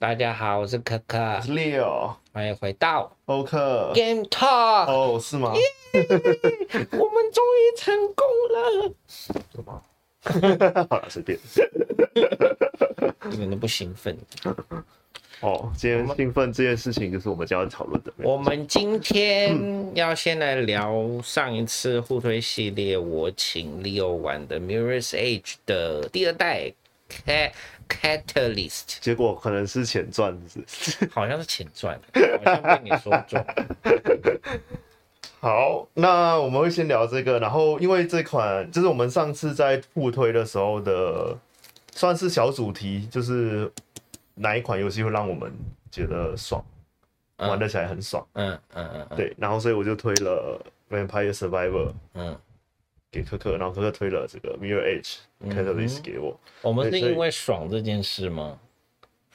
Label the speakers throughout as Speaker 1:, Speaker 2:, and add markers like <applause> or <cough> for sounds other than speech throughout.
Speaker 1: 大家好，我是可可，我是 Leo，歡迎回到 OK Game Talk。哦，是嗎？我們終於成功了。什麼？好了，隨便。一點都不興奮。哦，今天興奮這件事情就是我們今天要討論的。我們今天要先來聊上一次互推系列，我請 Leo 玩的 Mirror's Edge 的第二代。Catalyst，cat 結果可能是前傳，好像是前傳，好像
Speaker 2: 被你說中。 <laughs> 好，那我們會先聊這個，然後因為這款就是我們上次在互推的時候的，算是小主題，就是哪一款遊戲會讓我們覺得爽，嗯、玩得起來很爽。嗯嗯嗯，嗯嗯對，然後所以我就推了 Vampire Survivor，嗯。給科科，然後科科推了這個 Mirror Edge 開始 list、嗯、哼 給我。我們是因為爽這件事嗎？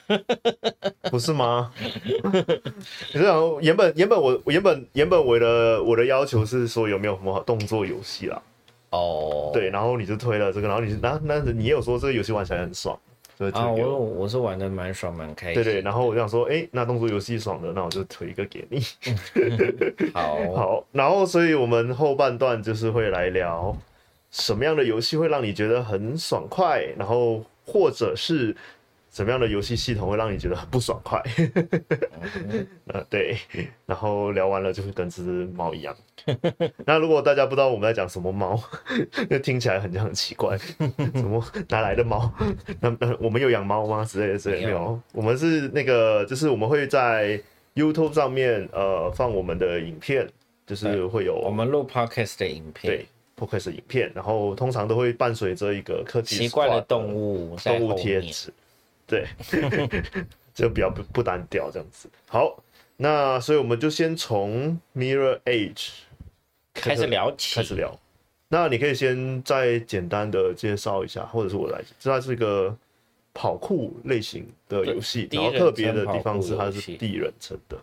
Speaker 2: <laughs> 不是嗎？ <laughs> 你想，原本原本我原本原本我的我的要求是說有沒有什麼動作遊戲啦。哦，對，然後你就推了這個，然後你然後那你也有說這個遊戲玩起來很爽。啊，我、哦、我是玩的蠻爽蠻開心。對對，然後我就想說，哎對，那動作遊戲爽的，那我就推一個給你。 <laughs> <laughs> 好好，然後所以我們後半段就是會來聊什麼樣的遊戲會讓你覺得很爽快，然後或者是。什麼樣的遊戲系統會讓你覺得很不爽快、嗯哼？ <laughs> 呃，對，然後聊完了就會跟只貓一樣。 <laughs> 那如果大家不知道我們在講什麼貓，那 <laughs> 聽起來很像很奇怪， <laughs> 什麼哪來的貓？那那、 <laughs> <laughs> 呃、我們有養貓嗎？之類的之類沒有。我們是那個，就是我們會在 YouTube 上面呃放我們的影片，就是會有、嗯、對我們錄 Podcast 的影片，對，Podcast 影片，然後通常都會伴隨着一個科技奇怪的
Speaker 1: 動物動物貼
Speaker 2: 紙。對，就比較不不單調這樣子。好，那所以我們就先從 Mirror's Edge 開始，開始聊起，開始聊。那你可以先再簡單的介紹一下，或者是我來。這它是一個跑酷類型
Speaker 1: 的遊戲，對然後特別的地方是它是第一人稱的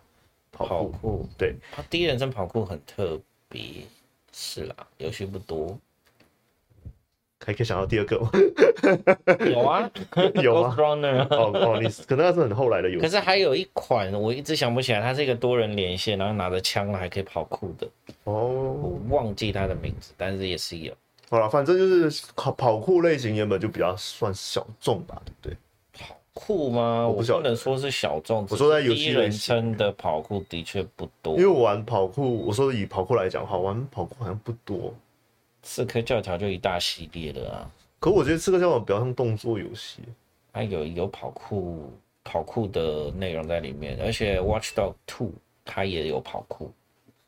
Speaker 1: 跑酷。跑酷對，第一人稱跑酷很特別，是啦，遊戲不多。還可以想到第二個嗎？ <laughs> 有啊 <laughs> 有，有啊。 <laughs> 哦，哦可能那是很後來的遊戲。可是還有一款，我一直想不起來，它是一個多人連線，然後拿着槍了還可以跑酷的。哦，我忘記它的名字，但是也是有。好了，反正
Speaker 2: 就是跑跑酷類型，原本就比較算小眾吧，對不對？跑酷嗎？
Speaker 1: 我不，我不能說是小眾。我說在第一人稱的跑酷的確不多。因為我玩
Speaker 2: 跑酷，我說以跑酷來講的話，玩跑酷好像不多。刺客教條就一大
Speaker 1: 系列的啊。可我覺得刺客教條比較像動作遊戲，嗯，它有有跑酷跑酷的內容在裡面，而且 Watchdog Two 它也有跑酷，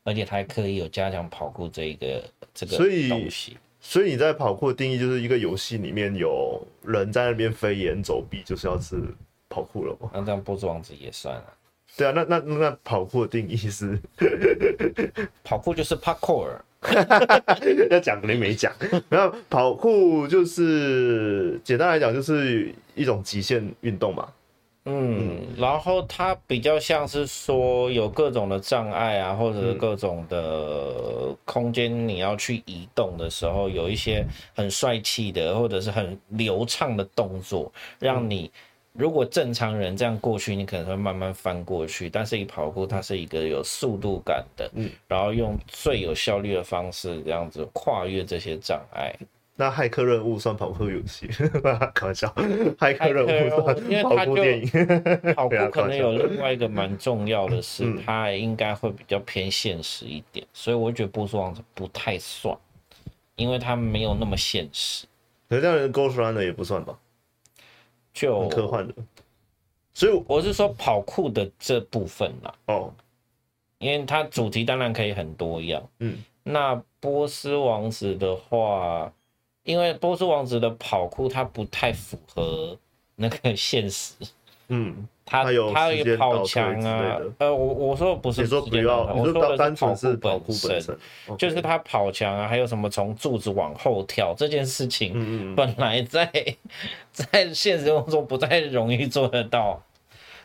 Speaker 1: 而且它還可以有加強跑酷這一個這個東西。所以
Speaker 2: 所以你在跑酷的定義就是一個遊戲裡面有人在那邊飛檐走壁，就是要吃跑酷了吧？嗯，那這樣波斯王子也算啊？對啊，那那那，那跑酷的定義是
Speaker 1: <laughs> 跑酷就是 parkour。
Speaker 2: 哈哈哈！ <laughs> <laughs> <laughs> 要講你沒講，然後跑酷就是簡單來講就是一種極限運動嘛。
Speaker 1: 嗯，嗯然後它比較像是說有各種的障礙啊，或者各種的空間，你要去移動的時候，有一些很帥氣的或者是很流暢的動作，嗯、讓你。如果正常人這樣過去，你可能會慢慢翻過去。但是一跑酷，它是一個有速度感的，嗯，然後用最有效率的方式這樣子跨越這些障礙。那駭客任務算跑酷遊戲？開玩笑，駭客任務算跑酷電影？
Speaker 2: <laughs> 跑酷可能有另外一
Speaker 1: 個蠻重要的事，是、嗯、它應該會比較偏現實一點。嗯嗯、所以我覺得《波斯王子》不太算，因為它沒有那麼現實。那、嗯、這樣的 Ghost Runner 也不算吧？就很科幻的，所以我是說跑酷的這部分啦。哦，因為它主題當然可以很多樣。嗯，那波斯王子的話，因為波斯王子的跑酷它不太符合那個現實。嗯。他，他有的他有跑牆啊，呃，我我說的不是，我說不要，我說單純是跑酷本身，是本身 OK 就是他跑牆啊，還有什麼從柱子往後跳這件事情，本來在嗯嗯在現實當中，中不太容易做得到。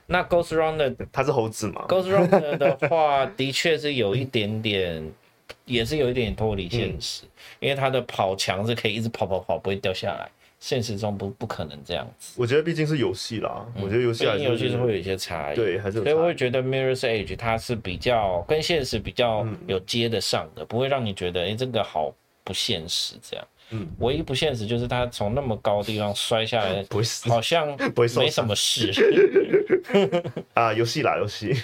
Speaker 1: 那 Ghost Runner，嗯，他是猴子嗎？Ghost Runner 的，的話 <laughs> 的確是有一點點，也是有一點點脫離現實，嗯，因為他的跑牆是可以一直跑跑跑，不會掉下來。現實中不不可能這樣子，
Speaker 2: 我覺得畢竟是遊戲啦，我覺得遊戲啊，畢竟遊戲是會有一些
Speaker 1: 差異，對，還是所以我會覺得 Mirror's Edge 它是比較跟現實比較有接得上的，不會讓你覺得哎，這個好不現實這樣。嗯，唯一不現實就是他從那麼高地方摔下來不會死，好像不會沒什麼事啊，遊戲啦遊戲，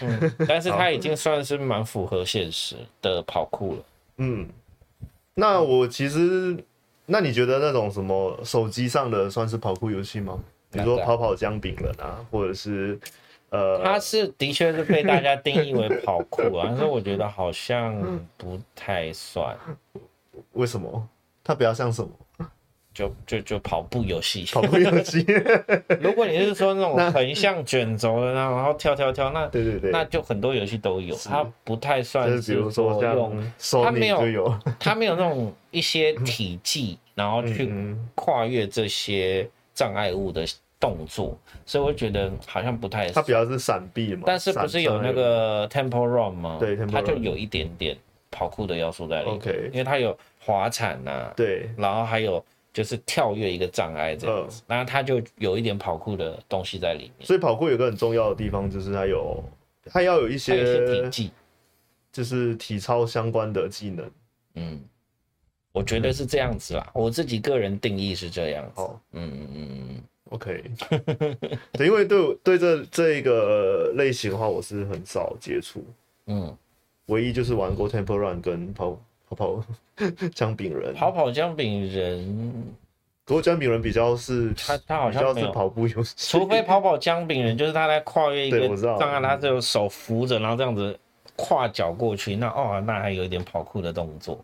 Speaker 1: 但是他已經算是蠻符合現實的跑酷了。
Speaker 2: 嗯，那我其實。那你覺得那種什麼手機上的算是跑酷遊戲嗎？比如說跑跑薑餅人啊，對或者
Speaker 1: 是，呃，它是的確是被大家定義為跑酷啊， <laughs> 但是我覺得好像不太算。為什麼？它比較像什麼？就就就跑步遊戲，跑步遊戲。如果你是說那種橫向捲軸的，然後跳跳跳，那對對對，那就很多遊戲都有，它不太算是。比如說用它沒有，它沒有那種一些體積，然後去跨越這些障礙物的動作，所以我覺得好像不太。它比較是閃避嘛，但是不是有那個 Temple Run 嗎？對，它就有一點點跑酷的要素在裡面，OK，因為它有滑鏟吶，對，然後還有。就是跳躍一個障礙這樣子，然後、嗯、他就有一點跑酷的東西在裡面。所以
Speaker 2: 跑酷有一個很重要的地方，就是它有它、嗯、要有一些就是體操相關的技能。嗯，我覺得是這樣子啦，嗯、我自己個人定義是這樣
Speaker 1: 子。哦，嗯嗯嗯
Speaker 2: OK 對，因為對對這這一個類型的話，我是很少接觸。
Speaker 1: 嗯，
Speaker 2: 唯一就是玩過 Temple Run 跟跑。跑，跑跑薑餅
Speaker 1: 人，跑跑薑餅人，
Speaker 2: 不過薑餅人比較是，他他好像是跑步
Speaker 1: 遊戲，除非跑跑薑餅人，嗯、就是他在跨越一個障礙，對，我知道這，他就手扶着，然後這樣子跨腳過去，那哦，那還有一點跑酷的動作，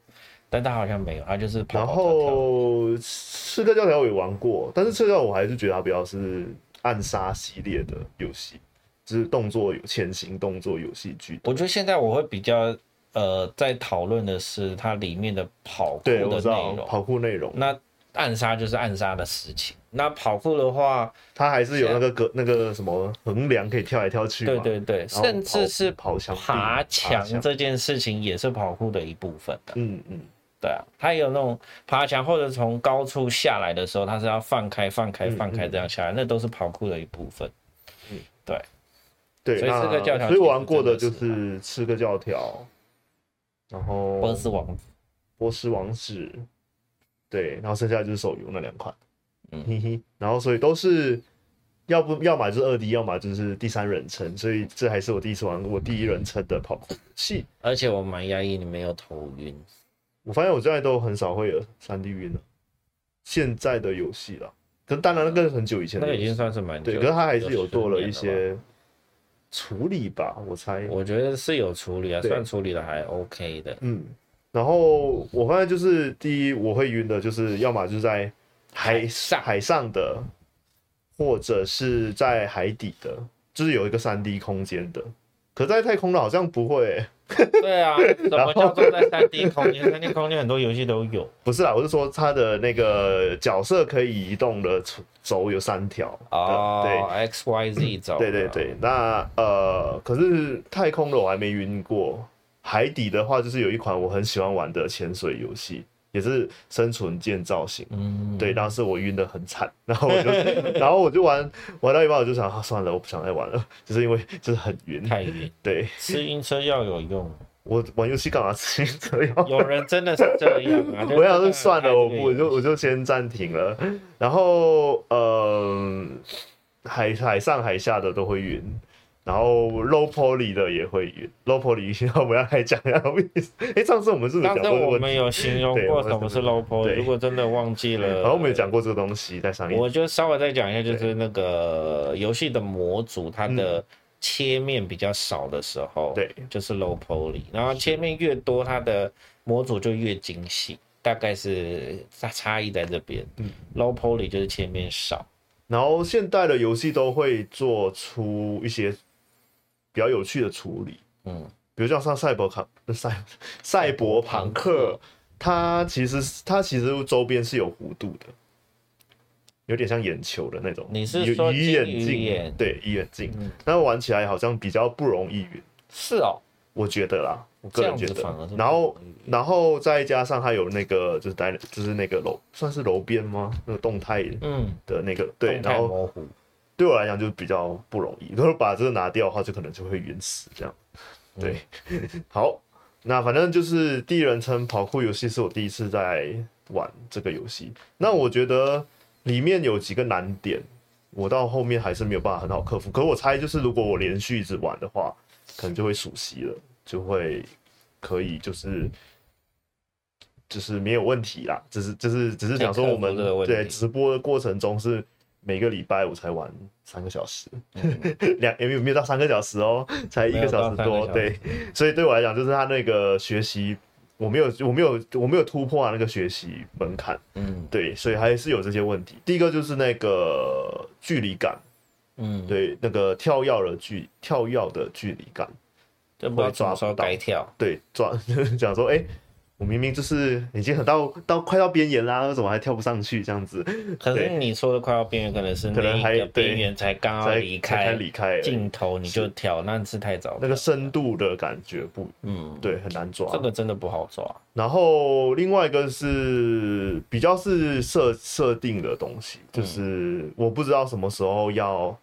Speaker 1: 但他好像沒有，他就是跑跑。跑。然後
Speaker 2: 刺客教條我也玩過，但是刺客教條我還是覺得他比較是暗殺系列的
Speaker 1: 遊戲，就是動作有潛行，動作有戲劇。我覺得現在我會比較，呃，在討論的是它裡面的跑酷的內容，跑酷內容。那暗殺就是暗殺的事情。那跑酷的話，它還是有那個格那個什麼橫梁可以跳來跳去。對對對，甚至是跑牆、爬牆這件事情也是跑酷的一部分的。嗯嗯，對啊，它有那種爬牆或者從高處下來的時候，它是要放開放開放開這樣下來，那都是跑酷的一部分。對。對，所以吃個教條，所以玩過的就
Speaker 2: 是吃個教條。然後波斯王子，波斯王子，對，然後剩下就是手遊那兩款，嗯嘿嘿，然後所以都是，要不，要麼就是二 D，要麼就是第三人稱，所以這還是我第一次玩、嗯、我第一人稱的跑酷戲，系而且我蠻訝異你沒有頭暈，我發現我現在都很少會有三 D 暈了，現在的遊戲啦，可當然那個很久以前的、嗯、那已經算
Speaker 1: 是蠻對，可是他還是有做了一些。
Speaker 2: 處理吧，我猜，我覺得是有處理啊，對算處理的還 OK 的。嗯，然後我發現就是第一我會暈的，就是要麼就是在海上海上的，海或者是在海底的，就是有一個三 D 空間的，可在太空的，好像不會。 <laughs> 對啊，怎麼叫做在三 D 空間？三後 D 空間很多遊戲都有。不是啦，我是說它的那個角色可以移動的軸有三條啊。
Speaker 1: 哦、對，X Y Z 軸。對對
Speaker 2: 對，嗯、那呃，可是太空的我還沒暈過，海底的話就是有一款我很喜歡玩的潛水遊戲。也是生存建造型，嗯、對，當時我暈得很慘，然後我就， <laughs> 然後我就玩玩到一半，我就想，啊，算了，我不想再玩了，就是因為就是很暈，太暈陰，對，吃
Speaker 1: 暈車藥有用。
Speaker 2: 我玩遊戲幹嘛吃暈
Speaker 1: 車藥？有人真的是這樣啊！我要是算了，我我就我就先
Speaker 2: 暫停了。然後，呃，海海上海下的都會暈。然後 low poly 的也會 low poly，現在我們要來講一下什麼意思。哎，上次我們是不是講過我們有形容過什麼是
Speaker 1: low poly，對對如果真的忘記了，然後我們也講過這個東西在上面。我就稍微再講一下，就是那個遊戲的模組，它的對、嗯、切面比較少的時候，對，就是 low poly 對。然後切面越多，它的模組就越精細，是大概是差差異在這邊。嗯，low poly 就是切面少，
Speaker 2: 然後現代的遊戲都會做出一些，比較有趣的處理，嗯，比如像像賽博卡、賽賽博朋克，它其實它其實周邊是有弧度的，有點像眼球的那種。你是說魚眼鏡？對，魚眼鏡，那玩起來好像比較不容易暈。是哦，我覺得啦，我個人覺得。然後然後再加上它有那個就是帶就是那個柔算是柔邊嗎？那個動態嗯的那個對，然後模糊。對我來講就比較不容易。如果把這個拿掉的話，就可能就會暈死這樣。對，嗯、好，那反正就是第一人稱跑酷遊戲，是我第一次在玩這個遊戲。那我覺得裡面有幾個難點，我到後面還是沒有辦法很好克服。可我猜就是，如果我連續一直玩的話，可能就會熟悉了，就會可以就是就是沒有問題啦。只是就是只是講說我們對直播的過程中是。每個禮拜我才玩三個小時，兩也、嗯 <laughs> 欸、沒有沒有到三個小時哦、喔，才一個小時多。時對，所以對我來講，就是他那個學習，我沒有，我沒有，我沒有突破啊那個學習門檻。嗯，對，所以還是有這些問題。嗯、第一個就是那個距離感，嗯，對，那個跳躍的距跳躍的距離感，會抓不到，什麼時候該跳對，抓講 <laughs> 說哎。欸嗯我明明就是已經很到到快到邊緣啦，為什麼還跳不上去？這樣子？可能你說的快到
Speaker 1: 邊緣，可能是對可能還有邊緣才剛剛離
Speaker 2: 開鏡頭，你就跳，是那是太早，那個深度的感覺不，嗯，對，很難
Speaker 1: 抓，這個真的不好抓。
Speaker 2: 然後另外一個是比較是設設、嗯、定的東西，就是我不知道什麼時候要，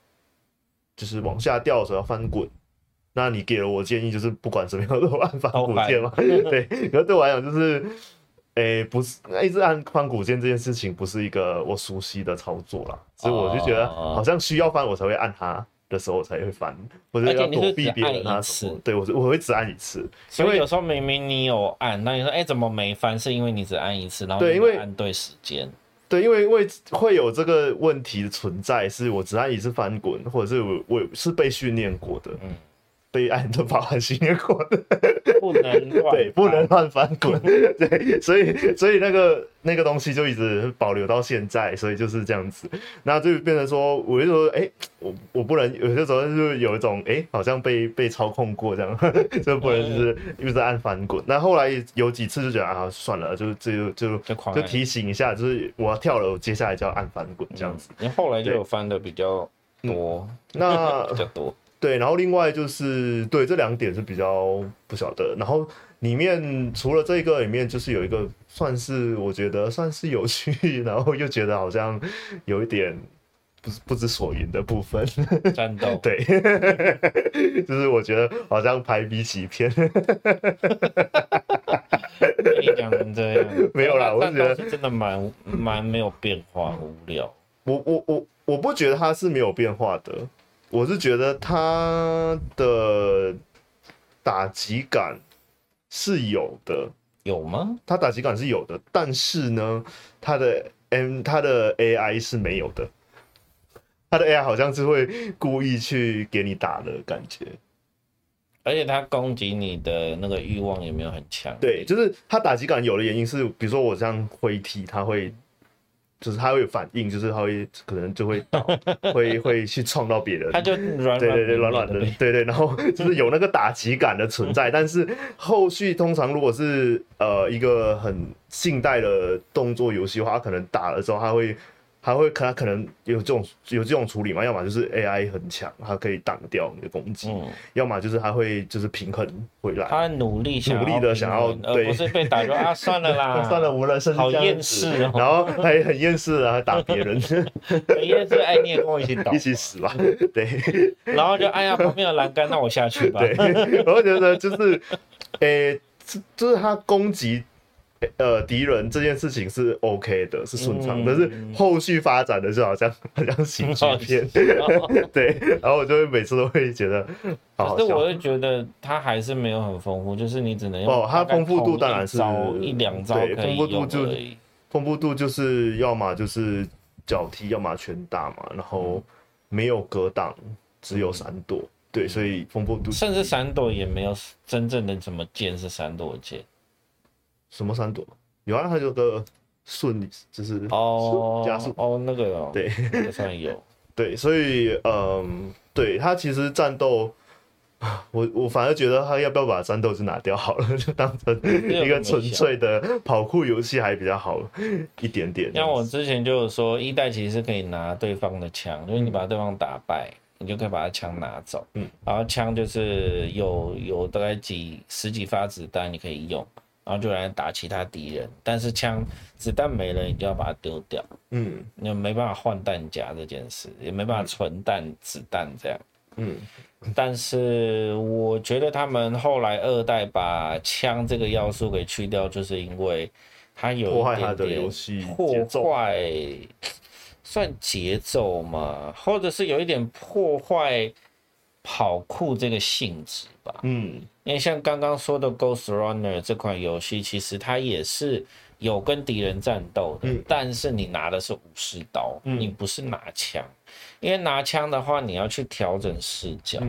Speaker 2: 就是往下掉的時候要翻滾。那你給了我建議，就是不管怎麼樣都按翻滾鍵嘛。Okay. <laughs> 對，然後對我來講就是，哎、欸，不是一直按翻滾鍵這件事情，不是一個我熟悉的操作啦，oh、所以我就覺得好像需要翻我才會按它的
Speaker 1: 時候我才會翻，或者、oh、要躲避別人啊
Speaker 2: 什麼。對我我會只按一次。
Speaker 1: 所以有時候明明你有按，那你說，哎、欸，怎麼沒翻？是因為你只按一次，然後對，沒按對時間。
Speaker 2: 對，因為為會有這個問題的存在，是我只按一次翻滾，或者是我，我是被訓練過的。嗯。被按着把玩新滅過的， <laughs> 不能亂 <laughs> 對，不能亂翻滾， <laughs> 對，所以所以那個那個東西就一直保留到現在，所以就是這樣子，那就變成說，我就說，哎、欸，我我不能有些時候就總是有一種，哎、欸，好像被被操控過這樣， <laughs> 就不能就是一直在按翻滾。那、嗯、後，後來有幾次就覺得啊，算了，就就就就，就提醒一下，就是我要跳樓，接下來就要按翻滾這樣子、嗯。你後來就有翻的比較多，對嗯、那 <laughs> 比較多。對，然後另外就是對這兩點是比較不曉得。然後裡面除了這個裡面，就是有一個算是我覺得算是有趣，然後又覺得好像有一點不不知所云的部分。戰鬥。對， <laughs> <laughs> 就是我覺得好像排比起片。你講成這樣。沒有啦，我覺得是真的蠻 <laughs> 蠻沒有變化，無聊。我我我我不覺得它是沒有變化的。我是覺得他的打擊感是有的，有嗎？他打擊感是有的，但是呢，他的 M 他的 AI 是沒有的，他的 AI 好像是會故意去給你打
Speaker 1: 的感覺，而且他攻擊你的那個慾望也沒有很強。
Speaker 2: 對，就是他打擊感有的原因是，比如說我這樣揮踢，他會。就是他會有反應，就是他會可能就會、 <laughs> 哦、會會去撞到別人， <laughs> 他就軟軟的，對對對，軟軟的，對，對對，然後就是有那個打擊感的存在。 <laughs> 但是後續通常如果是呃一個很現代的動作遊戲的話，他可能打的時候他會。他會他可能有這種有這種處理嘛，要麼就是 AI 很強，他可以擋掉你的攻擊，嗯、要麼就是他會就是平衡回來。他在努力，努力的想要、呃、對，不是被打說啊，算了啦，算了，我論甚至好厭世、哦，然後他也很厭世啊，打別人，很
Speaker 1: 厭世，哎你也跟我一起打，一
Speaker 2: 起死吧，對。
Speaker 1: <laughs> 然後就按下旁邊的欄杆， <laughs> 那我下去吧。對，
Speaker 2: 我覺得就是，誒，這、就、這是他攻擊。呃，敵人這件事情是 OK 的，是順暢的，嗯、但是後續發展的就好像好像喜劇片， <laughs>
Speaker 1: 對。然後我就每次都會覺得好好，可是我又覺得它還是沒有很豐富，就是你只能用、哦、它豐富度當然是一兩招對，豐富度就
Speaker 2: 豐富度就是要麼就是腳踢，要麼拳打嘛，然後沒有格擋，只有閃躲，嗯、對，所以豐富度甚至閃躲也沒有真正的怎麼見是閃躲見。什麼三朵？有啊，他、那、就個順就是哦加速哦那個哦，對，好有， <laughs> 對，所以嗯，對他其實戰鬥，我我反而覺得他要不要把戰鬥就拿掉好了， <laughs> 就當成一個純粹的跑酷遊戲還比較好一點點。像
Speaker 1: 我之前就是說一代其實是可以拿對方的槍，就是你把對方打敗，你就可以把他槍拿走，嗯，然後槍就是有有大概幾十幾發子彈你可以用。然後就來打其他敵人，但是槍子彈沒了，你就要把它丟掉。嗯，你沒辦法換彈夾這件事，也沒辦法存彈子彈這樣。嗯，但是我覺得他們後來二代把槍這個要素給去掉，就是因為它有一點點破壞，破壞他的遊戲節奏，算節奏嘛，或者是有一點破壞，跑酷這個性質吧，嗯，因為像剛剛說的《Ghost Runner》這款遊戲，其實它也是有跟敵人戰鬥的，但是你拿的是武士刀，你不是拿槍，因為拿槍的話，你要去調整視角，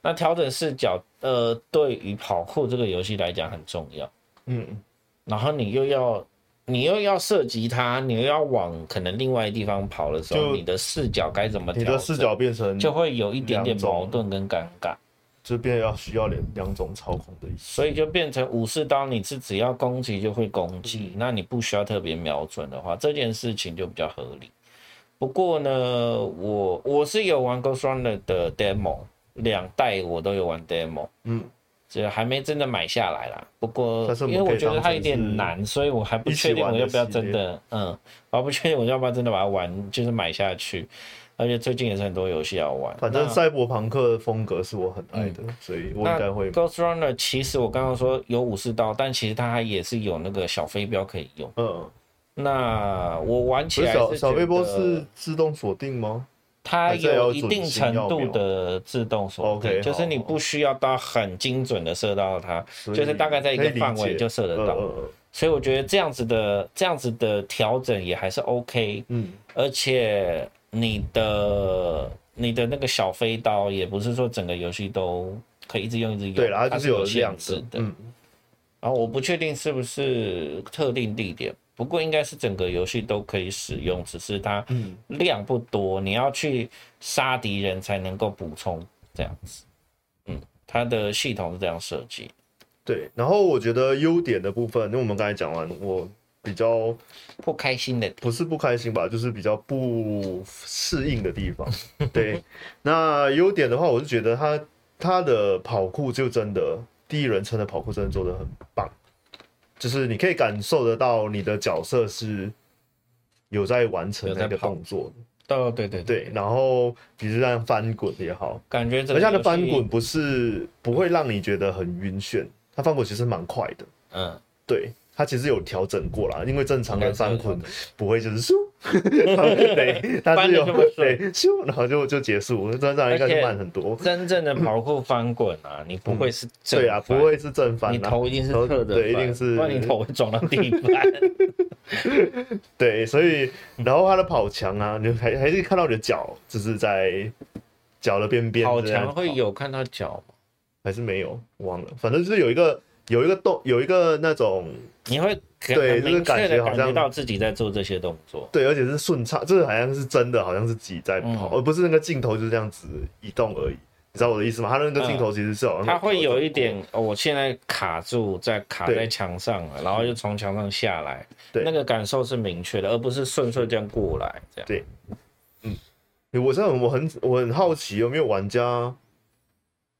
Speaker 1: 那調整視角，呃，對於跑酷這個遊戲來講很重要，嗯，然後你又要。你又要射擊它，你又要往可能另外一地方跑的時候，就你的視角該怎麼調？你的視角變成就會有一點點矛盾跟尷尬，就變要需要兩兩種操控的意思、嗯。所以就變成武士刀，你是只要攻擊就會攻擊，嗯、那你不需要特別瞄準的話，這件事情就比較合理。不過呢，我我是有玩過雙人的 demo，兩代我都有玩 demo。嗯。這個還沒真的買下來啦，不過因為我覺得它有點難，所以我還不確定我要不要真的，的嗯，我不確定我要不要真的把它玩，就是買下去。而且最近也是很多遊戲要玩，反正賽博朋
Speaker 2: 克風格是我很愛的，嗯，所以我應該
Speaker 1: 會。Ghost Runner，其實我剛剛說有武士刀，但其實它還也是有那個小飛鏢可以用。嗯，那我玩起來是，小小飛鏢是
Speaker 2: 自動鎖定嗎？它有一定程度
Speaker 1: 的自動鎖，OK，就是你不需要到很精準的射到它，就是大概在一個範圍就射得到。所以我覺得這樣子的這樣子的調整也還是 OK。嗯，而且你的你的那個小飛刀也不是說整個遊戲都可以一直用一直用，對，它是有限制的。然後我不確定是不是特定地點。不過應該是整個遊戲都可以使用，只是它量不多，你要去殺敵人才能夠補充這樣子。嗯，它的系統是這樣設計。
Speaker 2: 對，然後我覺得優點的部分，因為我們剛才講完，我比較不開心的，不是不開心吧，就是比較不適應的地方。對，那優點的話，我是覺得它它的跑酷就真的第一人稱的跑酷真的做得很棒。就是你可以感受得到你的角色是有在完成那個動作，哦，對對對，然後比如像翻滾也好，感覺而且那翻滾不是不會讓你覺得很暈眩，它翻滾其實蠻快的，嗯，對，它其實有調整過啦，因為正常的翻滾不會就是。 <laughs> 對，他滾這麼順，對，然後就就結束。正常應該慢很多。
Speaker 1: 真正的跑酷翻滾啊，嗯、你不會是正翻，對啊，不會是正翻、啊，你頭一定是側的，對，一定是。不然你頭會撞到地板。 <laughs> 對，所以
Speaker 2: 然後他的跑牆啊，你還還是看到你的腳，就是在腳的邊邊。跑牆
Speaker 1: 會有看到腳嗎？還是沒有？忘了，
Speaker 2: 反正就是有一個有一個洞，有一個那
Speaker 1: 種。
Speaker 2: 你會。對，就是感覺好像自
Speaker 1: 己在做這些動作。
Speaker 2: 對，而且是順暢，這、就、個、是、好像是真的，好像是自己在跑，嗯、而不是那個鏡頭就是這樣子移動而已。
Speaker 1: 嗯、你知道我的意思嗎？他那個鏡頭其實是好像、嗯……他會有一點，我現在卡住在，在卡在牆上了，對然後又從牆上下來。對，那個感受是明確的，而不是順順這樣過來這樣。
Speaker 2: 對，嗯，我在我很我很好奇有沒有玩家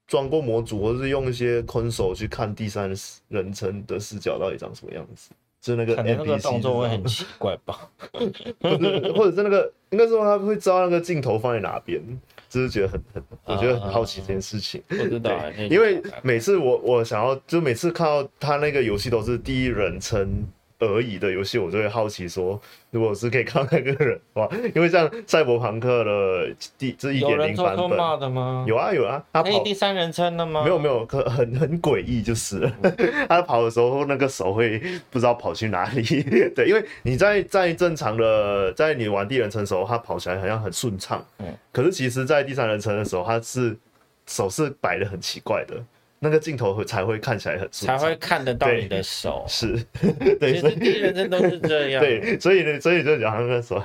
Speaker 2: 裝過模組，或是用一些 console 去看第三人稱的視角到底長什麼樣子。就是那個，那個動作會很奇怪吧 <laughs> 不是？或者或者是那個，應該說他會知道那個鏡頭放在哪邊，就是覺得很很，啊、我覺得很好奇這件事情。我、嗯、知道、欸，對白白因為每次我我想要，就每次看到他那個遊戲都是第一人稱。而已的遊戲，我就會好奇說，如果是可以看那個人哇，因為像賽博朋克的第這一點零版本，
Speaker 1: 有啊有啊，他跑可以
Speaker 2: 第三人稱的嗎？沒有沒有，很很詭異就是， <laughs> 他跑的時候那個手會不知道跑去哪裡。對，因為你在在正常的，在你玩第一人稱的時候，他跑起來好像很順暢，嗯，可是其實，在第三人稱的時候，他是手是擺的很奇怪的。那個鏡頭才會看起來很，才會看得到你的
Speaker 1: 手。對是，對其實第一人稱都是這樣，對，所以呢，所以就講他們說，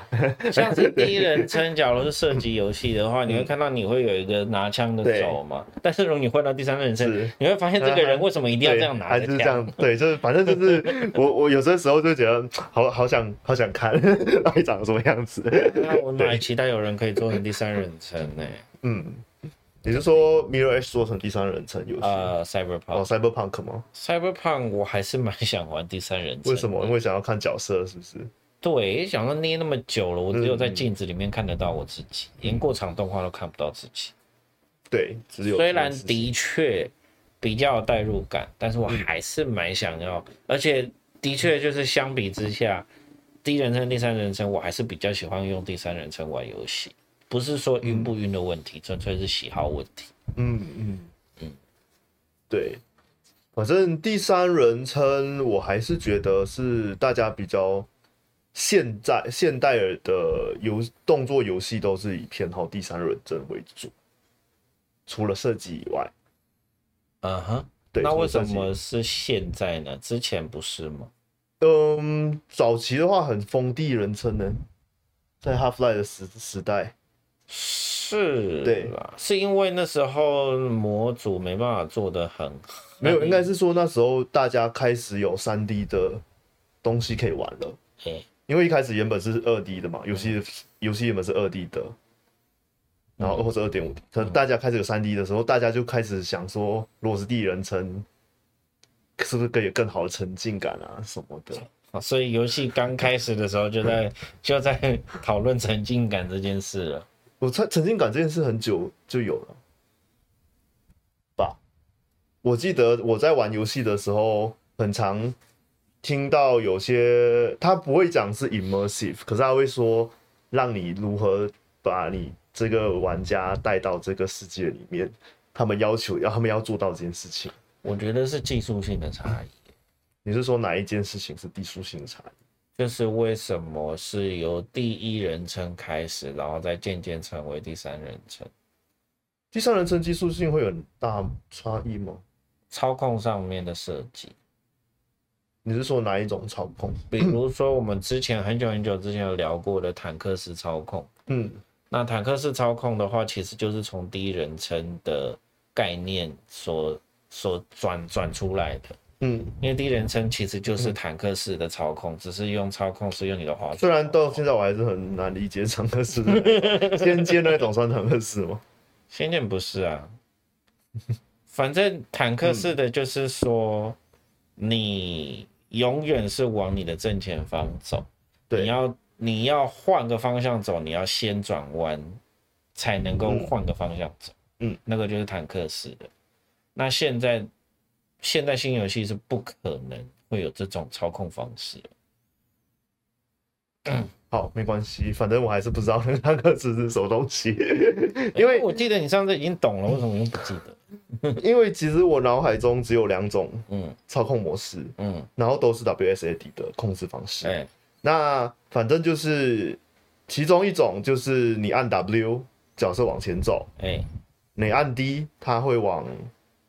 Speaker 1: 像是第一人稱，對假如是射擊遊戲的話，嗯、你會看到你會有一個拿槍的手嘛，對但是如果你換到第三人稱，是你會發現這個人為什麼一定要這樣拿著槍還？還是這樣，
Speaker 2: 對，就是反正就是我我有些時候就覺得好好想好想看到底 <laughs> 長什麼樣子，那、啊、我哪，期待有人可以做成第三人稱呢、欸，嗯。你是說 Mirror Edge 做成第三人稱遊戲啊、uh,？Cyberpunk 哦、oh, Cyberpunk 嗎？Cyberpunk 我還
Speaker 1: 是蠻想玩第三人稱。為什麼？因為想要看角色是不是？對，想要捏那麼久了，我只有在鏡子裡面看得到我自己，嗯、連過場動畫都看不到自己。對，只有雖然的確比較有代入感，但是我還是蠻想要，嗯、而且的確就是相比之下，嗯、第一人稱、第三人稱，我還是比較喜歡用第三人稱玩遊戲。不是說暈不暈的問題，純粹、嗯、是喜好問題。嗯嗯嗯，嗯嗯對，
Speaker 2: 反正第三人稱，我還是覺得是大家比較現在現代的游動作遊戲，都是以偏好第三人稱為主，
Speaker 1: 除了設計以外。嗯哼、uh，huh、對那為什麼是現在呢？之前不是嗎？嗯，早期的話很
Speaker 2: 第一人稱
Speaker 1: 呢，在 Half Life 的時時代。是對吧？是因為那時候模組沒辦法做的很，沒有，應該
Speaker 2: 是說那時候大家開始有三 D 的東西可以玩了。對、欸，因為一開始原本是二 D 的嘛，遊戲遊戲原本是二 D 的，然後二或者二點五 D，可能大家開始有三 D 的時候，嗯、大家就開始想說，如果是第一人稱，是不是更有更好
Speaker 1: 的沉浸感啊什麼的？啊、所以遊戲剛開始的時候就在、嗯、就在討論沉浸感這件事了。.我
Speaker 2: 曾曾經感覺這件事很久就有了吧？我記得我在玩遊戲的時候，很常聽到有些他不會講是 immersive，可是他會說，讓你如何把你這個玩家帶到這個世界裡面。他們要求要他們要做到這件事情，我覺得是技術性的差異。
Speaker 1: 你是說哪一件事情是技術性的差異？就是為什麼是由第一人稱開始，然後再漸漸成為第三人稱？
Speaker 2: 第三人稱
Speaker 1: 技術性會有大差異嗎？操控上面的設計。你是說哪一種操控？比如說我們之前很久很久之前有聊過的坦克式操控，嗯，那坦克式操控的話，其實就是從第一人稱的概念所所轉轉出來的。嗯，因為第一人稱其實就是坦克式的操控，嗯、只是用操控，是用你的滑鼠。雖然到現在我還是很難理解坦克式
Speaker 2: 的。的。 <laughs> 仙劍
Speaker 1: 那種算坦克式嗎？仙劍不是啊，反正坦克式的就是說，嗯、你永遠是往你的正前方走。對，你你要你要換個方向走，你要先轉彎，才能夠換個方向走。嗯，那個就是坦克式的。那現在。現代新遊戲是不可能會有這種操控方式。嗯、好，沒關係，
Speaker 2: 反正我還是不知道那個詞是是什麼東西。欸、因為因為我記得你上次已經懂了，嗯、為什麼又不記得？因為其實我腦海中只有兩種嗯操控模式，嗯，然後都是 W S A D 的控制方式。哎、嗯，那反正就是其中一種就是你按 W 角色往前走，哎、嗯，你按 D 它會往。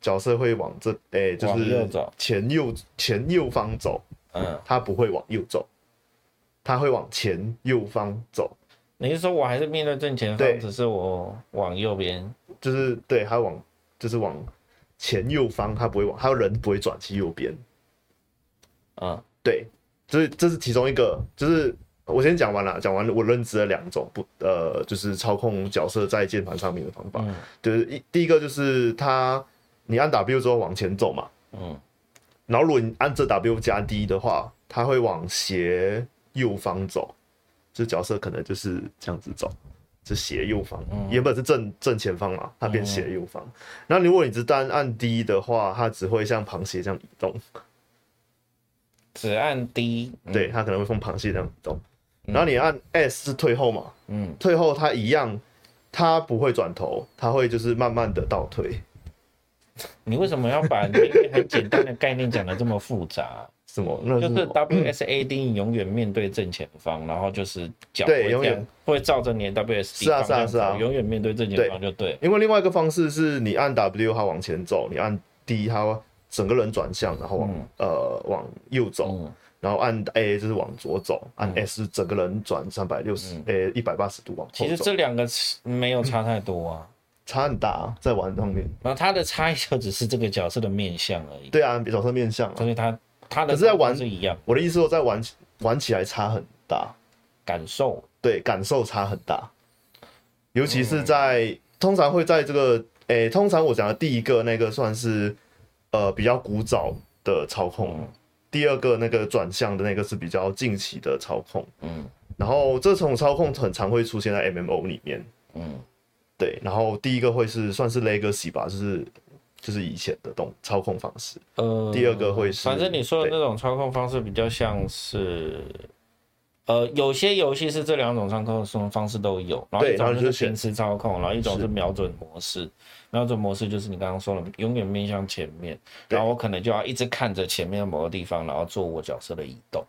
Speaker 2: 角色會往這，哎、欸，就是前右，右走前右方走，嗯，他不會往右走，他會往前右方走。你是說我還是面對正前方，對，只是我往右邊，就是對，他往就是往前右方，他不會往，他人不會轉去右邊。啊、嗯，對，所以這是其中一個，就是我先講完了，講完了，我認知的兩種不，呃，就是操控角色在鍵盤上面的方法，嗯、就是一第一個就是他。你按 W 之後往前走嘛，嗯，然後如果你按這 W 加 D 的話，它會往斜右方走，這角色可能就是這樣子走，就斜右方。嗯，原本是正正前方嘛，它變斜右方。嗯，那如果你只單按 D 的話，它只會像螃蟹這樣移動。只按 D，嗯，對，它可能會像螃蟹這樣移動。然後你按 S 是退後嘛，嗯，退後它一樣，它不會轉頭，它會就是慢慢的
Speaker 1: 倒退。 <laughs> 你為什麼要把你很簡單的概念講得這麼複雜、啊？什麼？那是什麼，就是 W S A D、嗯、永遠面對正前方，然後就是腳對，永遠會照着你 W S D，是啊是啊是啊，是啊是啊永遠面對正前方就對，對。
Speaker 2: 因為另外一個方式是你按 W 它往前走，你按 D 它整個人轉向，然後往、嗯、呃往右走，嗯、然後按 A 就是往左走，按 S 整個人轉三百六十哎一百八十度往後。其實這
Speaker 1: 兩個沒有差太多啊。嗯差很大，在玩的方面，那、嗯、他的差就只是這個角色的面相而已。對啊，角色面相，所以他
Speaker 2: 他的是，在玩是一樣是。我的意思說，在玩玩起來差很大，感受對感受差很大，尤其是在、嗯、通常會在這個、欸、通常我講的第一個那個算是、呃、比較古早的操控，嗯、第二個那個轉向的那個是比較近期的操控，嗯、然後這種操控很常會出現在 MMO 裡面，嗯對，然後第一個會是算是 legacy 吧，就是就是以前的這種操控方式。呃，第二個會是，反
Speaker 1: 正你說的那種操控方式比較像是，對呃，有些遊戲是這兩種操控什麼方式都有，然後一種就是手持操控，然後，然後一種是瞄準模式。是瞄準模式就是你剛剛說的，永遠面向前面，對然後我可能就要一直看着前面的某個地方，然後做我角色的移動。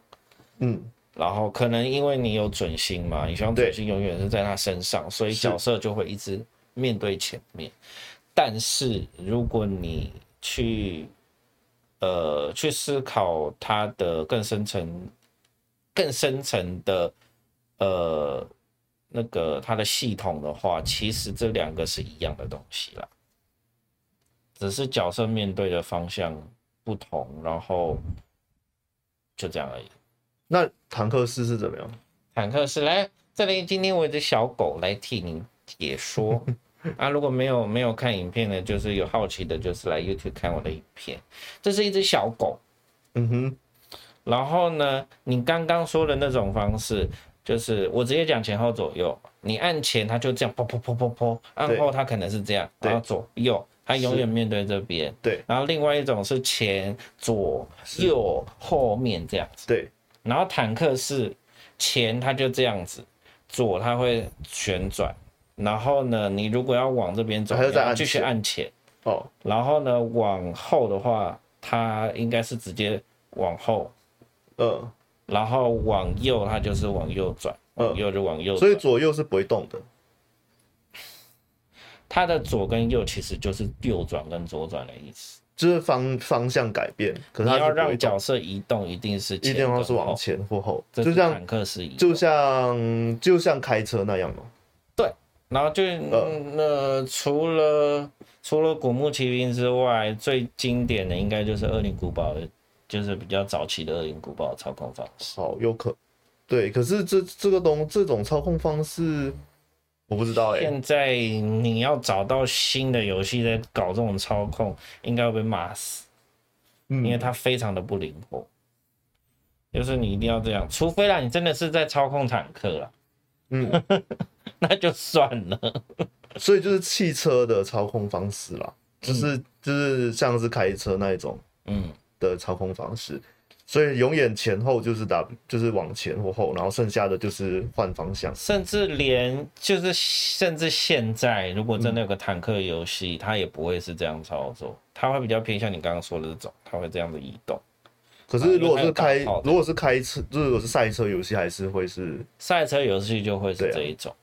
Speaker 1: 嗯。然後可能因為你有準心嘛，你希望準心永遠是在他身上，對所以角色就會一直面對前面。是。但是如果你去呃去思考他的更深層、更深層的呃那個他的系統的話，其實這兩個是一樣的東西啦，只是角色面對的方向不同，然後就這樣而已。那。坦克斯是怎麼樣？坦克斯來這裡，今天我有一只小狗來替你解說 <laughs> 啊！如果沒有沒有看影片的，就是有好奇的，就是來 YouTube 看我的影片。這是一只小狗，嗯哼。然後呢，你剛剛說的那種方式，就是我直接講前後左右，你按前，它就這樣啪啪啪啪，噗噗按後，它可能是這樣。對然後左右，它永遠面對這邊。對。然後另外一種是前左右後面這樣子。對。然後坦克是前，它就這樣子，左它會旋轉。然後呢，你如果要往這邊走，它就在按前，繼續按前哦。然後呢，往後的話，它應該是直接往後。呃，然後往右，它就是往右轉。呃，往右就往右。所以
Speaker 2: 左右是不會動的。
Speaker 1: 它的左跟右其實就是右轉跟左轉的意思。就是方方向改變，可是你要讓角色移動，一定是前一定是往前或後，就像坦克是一，
Speaker 2: 就像就像開車那樣嘛。
Speaker 1: 對，然後就那、呃呃、除了除了古墓奇兵之外，最經典的應該就是《惡靈古堡》，就是比較早期的《惡靈古堡》操控方式。好，有可，對，可是這這個東這種操控方式。我不知道哎、欸，現在你要找到新的遊戲在搞這種操控，應該會被罵死，嗯、因為它非常的不靈活。就是你一定要這樣，除非啦，你真的是在操控坦克啦，嗯， <laughs> 那就算了。
Speaker 2: 所以就是汽車的操控方式啦，就是、嗯、就是像是開車那一種，嗯，的操控方式。所以永遠前後就是打，就是往前或後，然後剩下的就是
Speaker 1: 換方向。甚至連就是，甚至現在如果真的有個坦克遊戲，嗯、它也不會是這樣操作，它會比較偏向你剛剛說的這種，它會這樣的移動。可是如果是開，啊、
Speaker 2: 如果是開車，就是、如果是賽車遊戲，還是會是賽車遊戲就會是這一種。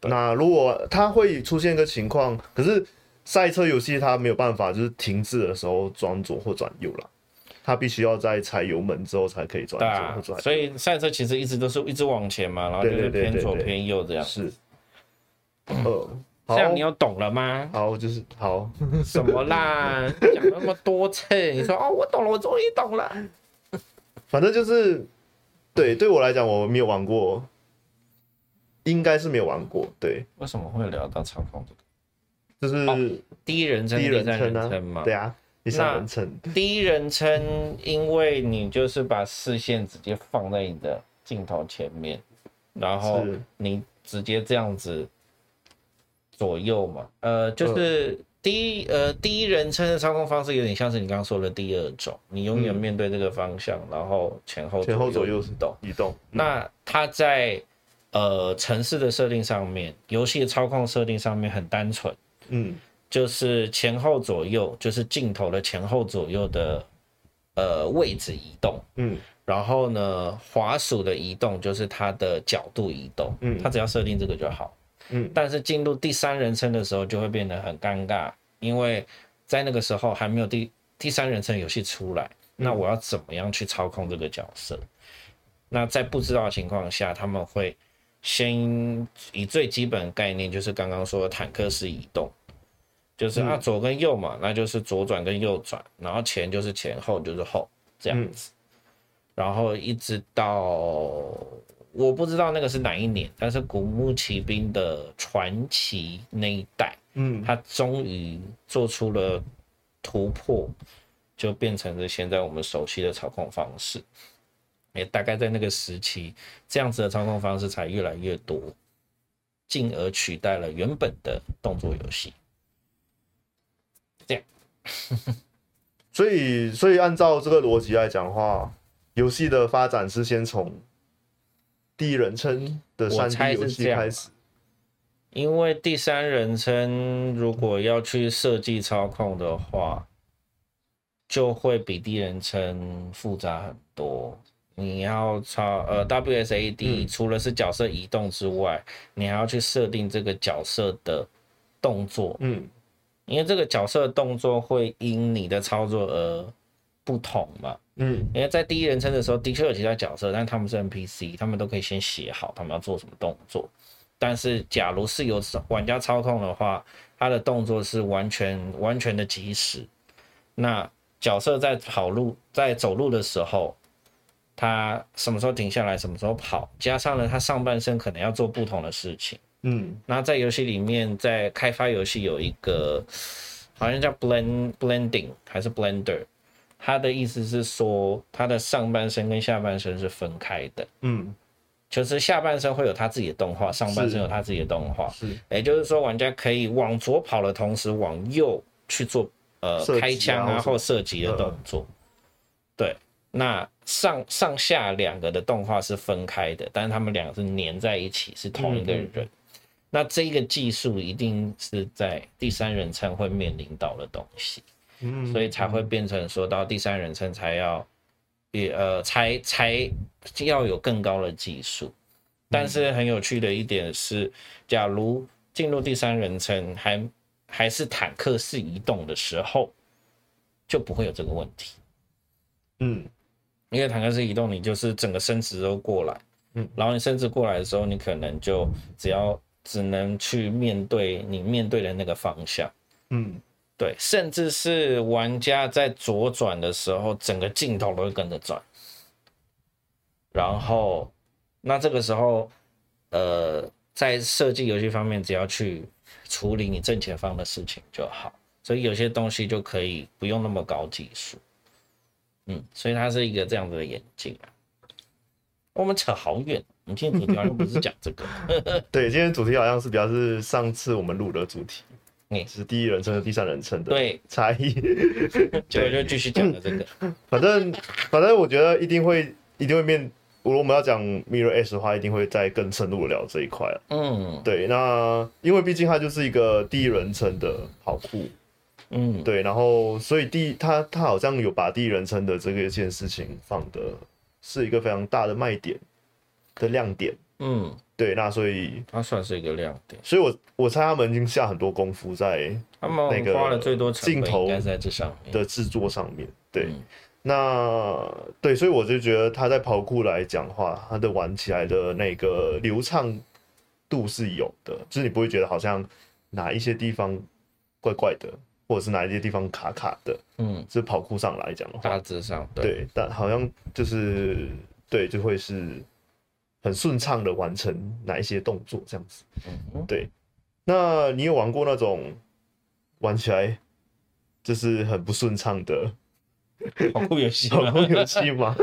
Speaker 2: 對對那如果它會出現一個情況，可是賽車遊戲它沒有辦法，就是停滯的時候轉左或轉右了。他必須要在踩油門之後才可以轉，對、啊、轉所
Speaker 1: 以賽車其實一直都是一直往前嘛，然後就是偏左偏右這樣，對對對對對。是，哦，這樣你要懂了嗎？好，就是好，什麼啦，講 <laughs> 那麼多次，你說哦，我懂了，我終於懂了。
Speaker 2: 反正就是，對，對我來講我沒有玩過，
Speaker 1: 應該是沒有玩過。對，為什麼會聊到操控、這個？就是第一人稱，第一人稱嘛、啊，人稱人稱對啊。那第一人稱，因為你就是把視線直接放在你的鏡頭前面，然後你直接這樣子左右嘛，呃，就是第一呃第一人稱的操控方式有點像是你剛剛說的第二種，你永遠面對這個方向，然後前後前後左右是動移動。那它在呃城市的設定上面，遊戲的操控設定上面很單純，嗯。就是前後左右，就是鏡頭的前後左右的呃位置移動，嗯，然後呢滑鼠的移動就是它的角度移動，嗯，它只要設定這個就好，嗯，但是進入第三人稱的時候就會變得很尷尬，因為在那個時候還沒有第第三人稱遊戲出來，嗯，那我要怎麼樣去操控這個角色？那在不知道的情況下，他們會先以最基本概念，就是剛剛說的坦克式移動。就是啊，左跟右嘛，嗯、那就是左轉跟右轉，然後前就是前，後就是後這樣子，嗯、然後一直到我不知道那個是哪一年，但是古墓奇兵的傳奇那一代，嗯，他終於做出了突破，就變成了現在我們熟悉的操控方式。也大概在那個時期，這樣子的操控方式才越來越多，進而取代了原本的動作遊戲。
Speaker 2: 這樣， <laughs> 所以所以按照這個邏輯來講話，遊戲的發展是先從第一人稱的三 D 我猜是這樣吧，遊戲開
Speaker 1: 始。因為第三人稱如果要去設計操控的話，就會比第一人稱複雜很多。你要操呃 W S A D，嗯，除了是角色移動之外，你還要去設定這個角色的動作，嗯。因為這個角色的動作會因你的操作而不同嘛，嗯，因為在第一人稱的時候，的確有其他角色，但他們是 NPC 他們都可以先寫好他們要做什麼動作。但是假如是由玩家操控的話，他的動作是完全完全的即時。那角色在跑路、在走路的時候，他什麼時候停下來，什麼時候跑，加上了他上半身可能要做不同的事情。嗯，那在遊戲裡面，在開發遊戲有一個好像叫 blend blending 還是 blender，他的意思是說，他的上半身跟下半身是分開的。嗯，就是下半身會有他自己的動畫，上半身有他自己的動畫。是，也就是說，玩家可以往左跑的同時往右去做呃開槍啊或射擊的動作。對，那上上下兩個的動畫是分開的，但是他們兩個是粘在一起，是同一個人。那這個技術一定是在第三人稱會面臨到的東西，嗯，所以才會變成說到第三人稱才要，也呃才才要有更高的技術。但是很有趣的一點是，假如進入第三人稱還還是坦克式移動的時候，就不會有這個問題，嗯，因為坦克式移動你就是整個身子都過來，嗯，然後你身子過來的時候，你可能就只要。只能去面對你面對的那個方向，嗯，對，甚至是玩家在左轉的時候，整個鏡頭都會跟着轉。然後，那這個時候，呃，在設計遊戲方面，只要去處理你正前方的事情就好。所以有些東西就可以不用那麼高技術，嗯，所以它是一個這樣子的眼鏡。我們扯好遠。我們今天主題好像不是講這個，
Speaker 2: <laughs> 對，今天主題好像是比較是上次我們錄的主題，嗯、欸，是第一人稱和第三人稱的對差異，對， <laughs> 對 <laughs> 結果就繼續講了這個。反正反正我覺得一定會一定會面，如果我們要講 Mirror's Edge 的話，一定會再更深入的聊這一塊、啊、嗯，對，那因為畢竟它就是一個第一人稱的跑酷，嗯，對，然後所以第一它他好像有把第一人稱的這個一件事情放的是一個非常大的賣點。的亮點，嗯，對，那所以它、啊、算是一個亮點，所以我我猜他們已經下很多功夫在那個，花了最多鏡頭在這上的制作上面，對，那對，所以我就覺得他在跑酷來講的話，他的玩起來的那個流暢度是有的，就是你不會覺得好像哪一些地方怪怪的，或者是哪一些地方卡卡的，嗯，是跑酷上來講的話，大致上，對，對，但好像就是對，就會是，很順暢的完成哪一些動作，這樣子，對。那你有玩過那種玩起來就是很不順暢的跑酷遊戲？跑酷遊戲嗎？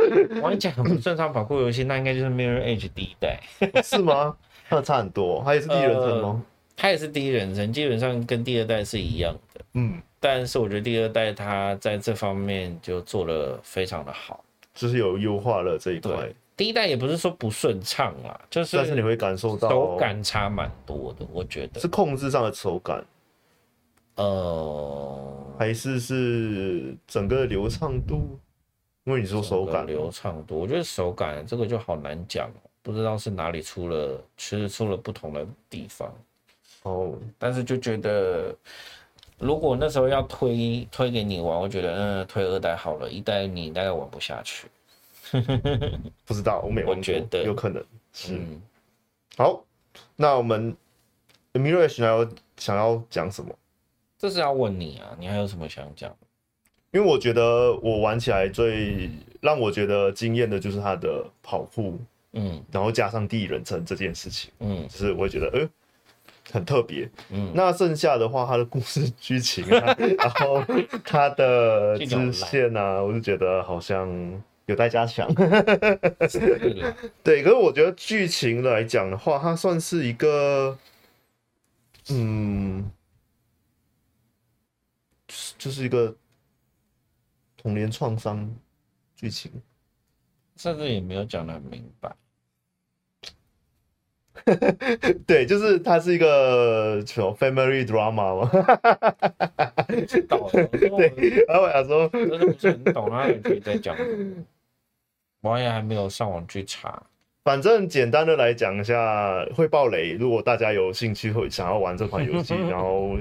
Speaker 1: 玩起來很不順暢跑酷遊戲，那應該就是 Mirror Edge 第一代，是嗎？那 <laughs> 差很多，它也是第一人稱嗎、呃？它也是第一人稱，基本上跟第二代是一樣的。嗯，但是我覺得第二代它在這方面就做得非常的好，就是有優化了這一塊。第一代也不是說不順暢啊，就是但是你會感受到手感差蠻多的，我覺得是控制上的手感，呃，還是是整個流暢度？嗯、因為你說手感流暢度，我覺得手感這個就好難講，不知道是哪裡出了，其實出了不同的地方。哦，但是就覺得如果那時候要推推給你玩，我覺得嗯、呃，推二代好了，一代你大概玩不下去。不知道，我沒問過，有可能是。好，
Speaker 2: 那我們 Mirage 想要講什麼？
Speaker 1: 這是要問你啊！你還有什麼想講？
Speaker 2: 因為我覺得我玩起來最讓我覺得驚艷的就是它的跑酷，嗯，然後加上第一人稱這件事情，嗯，就是我會覺得，欸，很特別，嗯。那剩下的話，它的故事劇情，然後它的支線啊，我就覺得好像。有待加強 <laughs> 啦，對，可是我覺得劇情來講的話，它算是一個，嗯，就是一個童年創傷劇情，
Speaker 1: 甚至也沒有講得很明白，
Speaker 2: <laughs> 對，就是它是一個求 family drama 嘛，哈哈哈哈哈，哈哈哈哈哈哈哈哈哈哈哈哈哈哈，你可以再講我還
Speaker 1: 沒有上網去查，
Speaker 2: 反正簡單的來講一下會爆雷。如果大家有興趣會想要玩這款遊戲， <laughs> 然後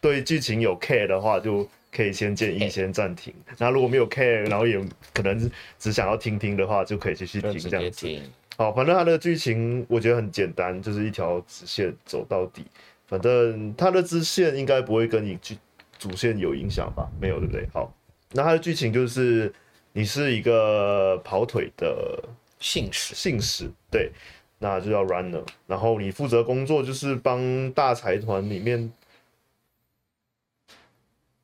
Speaker 2: 對劇情有 care 的話，就可以先建議先暫停。那 <laughs> 如果沒有 care，然後也可能只想要聽聽的話，就可以繼續聽這樣子。好，反正它的劇情我覺得很簡單，就是一條直線走到底。反正它的支線應該不會跟你主主線有影響吧？ <laughs> 沒有對不對？好，那它的劇情就是。你是一個跑腿的信使，信使對，那就叫 runner。然後你負責工作就是幫大財團裡面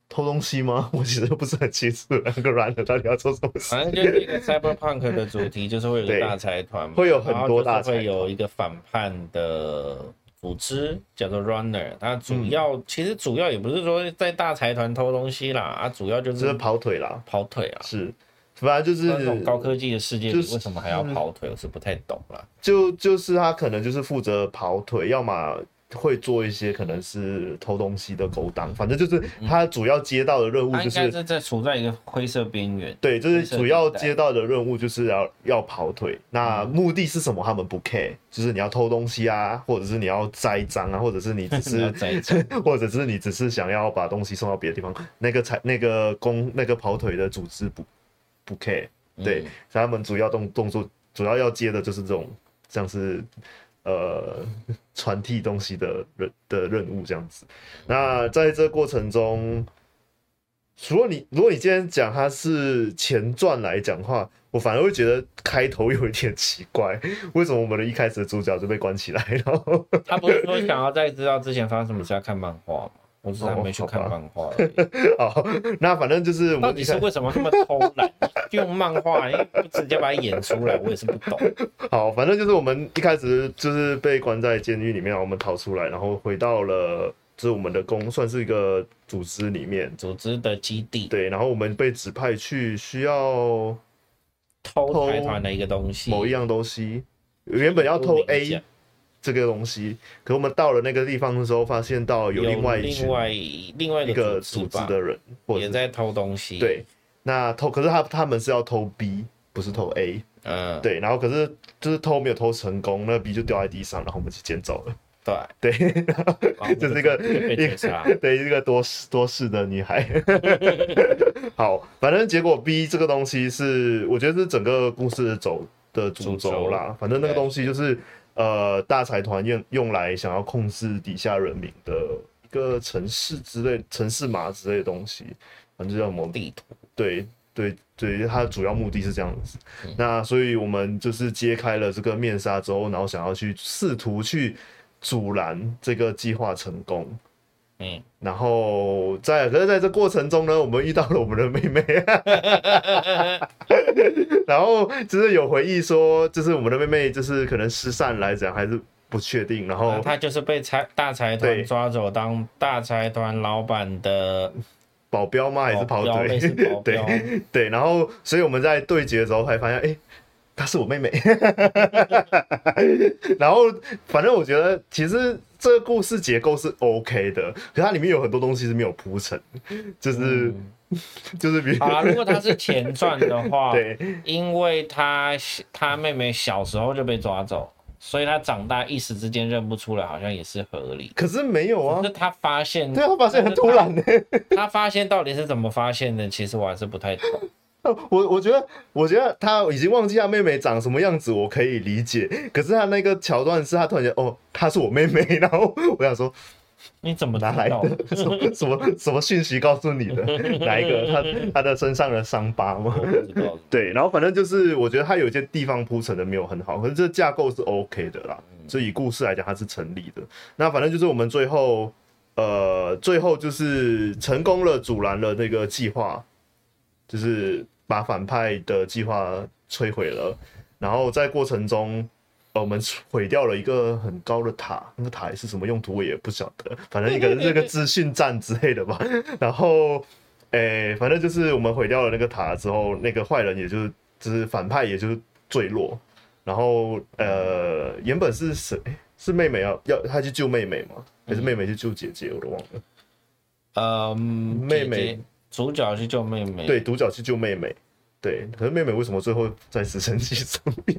Speaker 2: 偷東西嗎？我其實不是很清楚，那個 runner 到底要做什麼事？反正就是一個
Speaker 1: cyberpunk 的主題，就是會有一個大財團，會有很多大財團，會有一個反叛的組織、嗯、叫做 runner。他主要、嗯、其實主要也不是說在大財團偷東西啦，啊，主要就是跑腿啦，跑腿啊，是。本來就是那種高科技的世界，為什麼還要跑腿？就是嗯、我是不太懂了。
Speaker 2: 就就是他可能就是負責跑腿，要麼會做一些可能是偷東西的勾當。反正就是他主要接到的任務就是嗯、他是在處在一個灰色邊緣。對，就是主要接到的任務就是要要跑腿。那目的是什麼？他們不 care，、嗯、就是你要偷東西啊，或者是你要栽贓啊，或者是你只是 <laughs> 你要栽贓， <laughs> 或者是你只是想要把東西送到別的地方。那個才那個工那個跑腿的組織不。不 care，對，嗯、他們主要動動作，主要要接的就是這種像是呃傳遞東西的的任務這樣子。那在這過程中，除了你，如果你今天講他是前傳來講的話，我反而會覺得開頭有一點奇怪。為什麼我們一開始的主角就被關起來了？
Speaker 1: 他不是說想要再知道之前發生什麼事，要看漫畫嗎？我是還沒去看漫畫。哦、好， <laughs> 好，
Speaker 2: 那反正就是我們你是為什麼那麼
Speaker 1: 偷懶， <laughs> 用漫畫，因為不直接把它演出來，我也是不懂。
Speaker 2: 好，反正就是我們一開始就是被關在監獄裡面，然後我們逃出來，然後回到了就是我們的公，算是一個組織裡面組織的基地。對，然後我們被指派去需要偷財團的一個東西，某一樣東西，原本要偷 A。這個東西，可是我們到了那個地方的時候，發現到有另外一一有
Speaker 1: 另外一個組織的人也在偷東西。對，
Speaker 2: 那偷可是他他們是要偷 B，不是偷 A。嗯，對，然後可是就是偷沒有偷成功，那個、B 就掉在地上，然後我們就撿走了。對對，對哦、 <laughs> 就是一個一、哦那個對，一，對一個多事多事的女孩。 <laughs> 好，反正結果 B 這個東西是，我覺得是整個故事走的主軸啦，宗反正那個東西就是，Okay. 呃，大財團用用來想要控制底下人民的一個城市之類、城市碼之類的東西，反正就叫什麼地圖，對對對，它的主要目的是這樣子。Mm hmm. 那所以我們就是揭開了這個面紗之後，然後想要去試圖去阻攔這個計劃成功。嗯、然後在，可是在這過程中呢，我們遇到了我們的妹妹， <laughs> 然後就是有回憶說，就是我們的妹妹，就是可能失散來着，還是不確定。然後
Speaker 1: 她就是被財大財團抓走，對當大財團老板的保鏢嘛，還是跑腿？保鏢保鏢對
Speaker 2: 對。然後，所以我們在對決的時候才發現，哎，她是我妹妹。 <laughs> <laughs> 然後，反正我覺得其實。這個故事結構是 OK 的，可它裡面有很多東西是沒有鋪成，就是、嗯、 <laughs> 就是比如，啊，如果它是前傳的話，對，
Speaker 1: 因為他他妹妹小時候就被抓走，所以他長大一時之間認不出來，好像也是合理。可是沒有啊，可是他發現，對、啊、他發現很突然的，他發現到底是怎麼發現的，其實我還是不太懂。
Speaker 2: 我我覺得，我覺得他已經忘記他妹妹長什麼樣子，我可以理解。可是他那個橋段是，他突然間哦，她是我妹妹，然後我想說，你怎麼拿來的？什麼什麼什麼訊息告訴你的？來 <laughs> 一個？他他的身上的傷疤嗎？對，然後反正就是，我覺得他有一些地方鋪陳的沒有很好，可是這架構是 OK 的啦。所以，以故事來講，它是成立的。那反正就是我們最後，呃，最後就是成功了，阻攔了那個計劃，就是。把反派的計劃摧毀了，然後在過程中，呃、我們毀掉了一個很高的塔，那個塔是什麼用途我也不曉得，反正一個是那個資訊站之類的吧。 <laughs> 然後，哎、欸，反正就是我們毀掉了那個塔之後，那個壞人也就是，就是反派也就是墜落。然後，呃，原本是誰、欸？是妹妹、啊、要要她去救妹妹嗎？還是妹妹去救姐姐？嗯、我都忘了。嗯，姐姐妹妹，
Speaker 1: 主角去救妹妹。對，
Speaker 2: 主角去救妹妹。對，可是妹妹為什麼最後在直升機上面？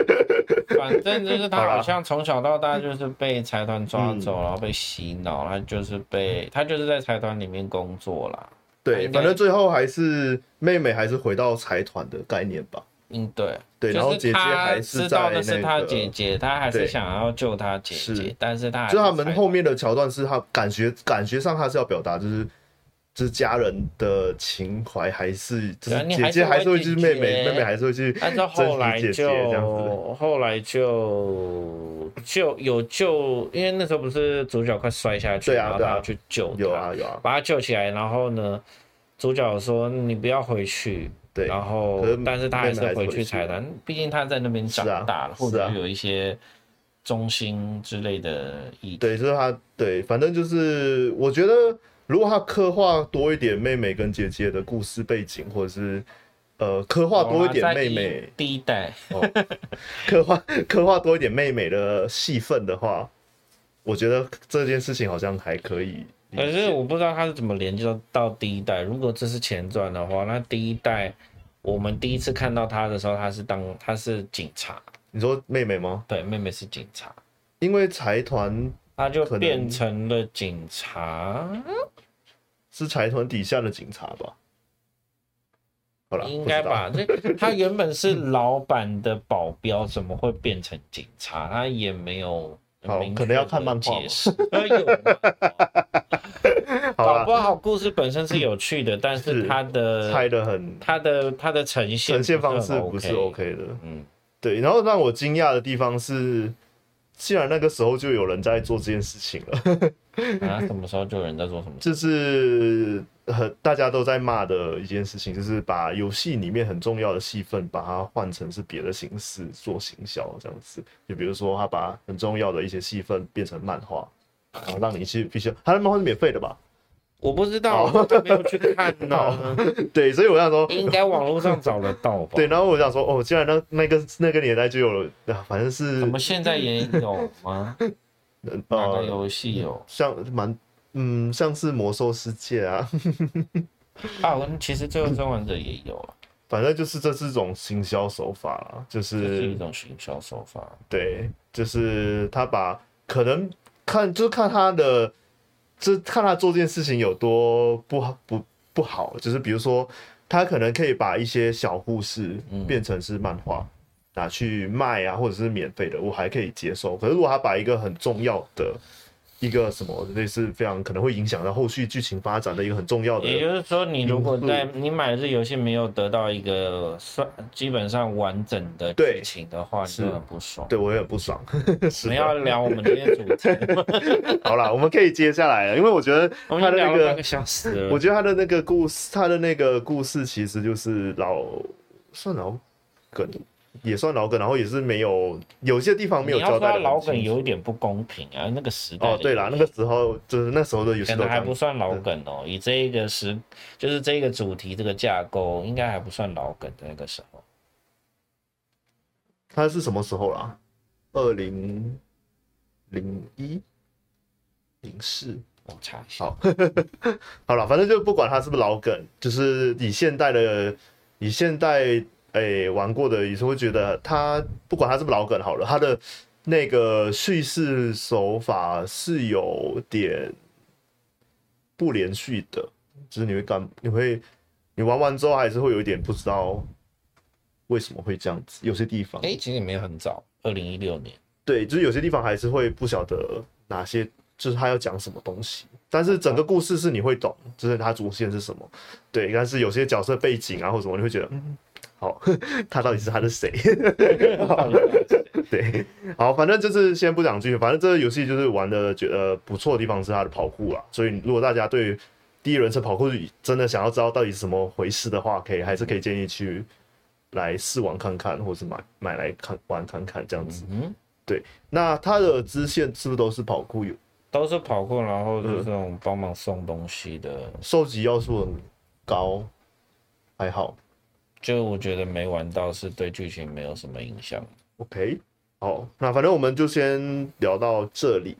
Speaker 2: <laughs> 反正
Speaker 1: 就是她好像從小到大就是被財團抓走，啦然後被洗腦、嗯，她就是被她就是在財團裡面工作啦。對，反正
Speaker 2: 最後還是妹妹還是回到財團的概念吧。嗯，對，對。是然後姐姐還是在那個、知道的是她
Speaker 1: 姐姐她還是想要救她姐姐，是但是她是就他
Speaker 2: 們後面的橋段是她感覺感覺上她是要表達就是。
Speaker 1: 這家人的情懷，還是就是姐姐還是會是妹妹，啊、欸、妹妹還是會照後來就後來就就有救，因為那時候不是主角快摔下去，對啊，對啊，然後他去救，有啊有啊，有啊把他救起來，然後呢，主角說你不要回去，對，然後但是他還是回去台灣，畢、啊、竟他在那邊長大了，是啊，或者是有一些中心之類的意見，對，
Speaker 2: 所以他，對，反正就是我覺得。如果他刻畫多一點妹妹跟姐姐的故事背景，或者是呃刻畫多一點妹妹、
Speaker 1: 哦、第一代、哦
Speaker 2: <laughs> 刻，刻畫刻畫多一點妹妹的戲份的話，
Speaker 1: 我覺得這件事情好像還可以。可是我不知道他是怎麼連接到到第一代。如果這是前傳的話，那第一代我們第一次看到他的時候，他是當他是警察。你說妹妹嗎？對，妹妹是警察，因為財團他就變成了警察。是財團底下的警察吧？應該吧。這他原本是老闆的保鏢，怎麼會變成警察？ <laughs> 嗯、他也沒有，可能要看漫畫解釋。有，好，不好，故事本身是有趣的，啦但是他的是猜的很，他的他的呈現呈現方式不是 OK
Speaker 2: 的。嗯，對。然後讓我驚訝的地方是，竟然那個時候就有人在做這件事情了。
Speaker 1: <laughs> 啊，什麼時候就有人在做什麼？
Speaker 2: 這是很大家都在罵的一件事情，就是把遊戲裡面很重要的戲份，把它換成是別的形式做行銷，這樣子。就比如說，他把很重要的一些戲份變成漫畫，然後讓你去必須。他的漫畫是免費的吧？我不知道，沒有去看到。對，所以我想說，應該網絡上找得到吧。 <laughs> 對，然後我想說，哦，竟然那那個那個年代就有了，反正是怎麼現在也有嗎？ <laughs> 嗯呃、哪個遊戲有？像蠻，嗯，像是《魔獸世界》啊。 <laughs> 啊，我們其實這個真玩者也有啊。反正就是這是一種行銷手法，就是，這是一
Speaker 1: 種行銷手法。
Speaker 2: 對，就是他把可能看，就是看他的，這看他做這件事情有多不不不好。就是比如說，他可能可以把一些小故事變成是漫畫。嗯拿去賣啊，或者是免費的，我還可以接受。可是如果他把一個很重要的一個什麼，類似非常可能會影響到後續劇情發展的一個很重要
Speaker 1: 的。也就是說，你如果在你買的這遊戲沒有得到一個算基本上完整的劇情的話，你、嗯、很不爽。對，我也很不爽。
Speaker 2: 我 <laughs> 們的要聊我們這天主題。 <laughs> 好了，我們可以接下來了，因為我覺得他、那個、我們聊了個小時，我覺得他的那個故事，他的那個故事其實就是老算老梗。也算老梗，然後也是沒有有些地方沒有交代的。你要說老梗，有一點不公
Speaker 1: 平啊。那個時代哦，對了，嗯、那個時候就是那時候的遊戲都還不算老梗哦。嗯、以這一個時，就是這一個主題這個架構，應該還不算老梗的那個時候。它
Speaker 2: 是什麼時候啦、啊？二零零一零四？我查一下。好， <laughs> 好了，反正就不管它是不是老梗，就是以現代的，以現代。哎、欸，玩過的也是會覺得他，不管他是不是老梗好了，他的那個敘事手法是有點不連續的，就是你會幹，你會你玩完之後還是會有一點不知道為什麼會
Speaker 1: 這樣子，有些地方哎、欸，其實也沒有很早，二零一六年，
Speaker 2: 對，就是有些地方還是會不曉得哪些就是他要講什麼東西，但是整個故事是你會懂，就是他主線是什麼，對，但是有些角色背景啊或者什麼你會覺得、嗯好，oh, <laughs> 他到底是他的誰？ <laughs> 對，好，反正就是先不講劇情，反正這個遊戲就是玩的覺得不錯的地方是他的跑酷啊。所以如果大家對第一人稱跑酷真的想要知道到底是什麼回事的話，可以還是可以建議去來試玩看看，或是買買來看玩看看這樣子。嗯，對，那他的支線是不
Speaker 1: 是都是跑酷遊？都是跑酷，然後就是那種幫忙送東西的、嗯，收集要素很高，還好。就我覺得沒玩到，是對劇情沒有什麼影響。OK，好，
Speaker 2: 那反正我們就先聊到這裡。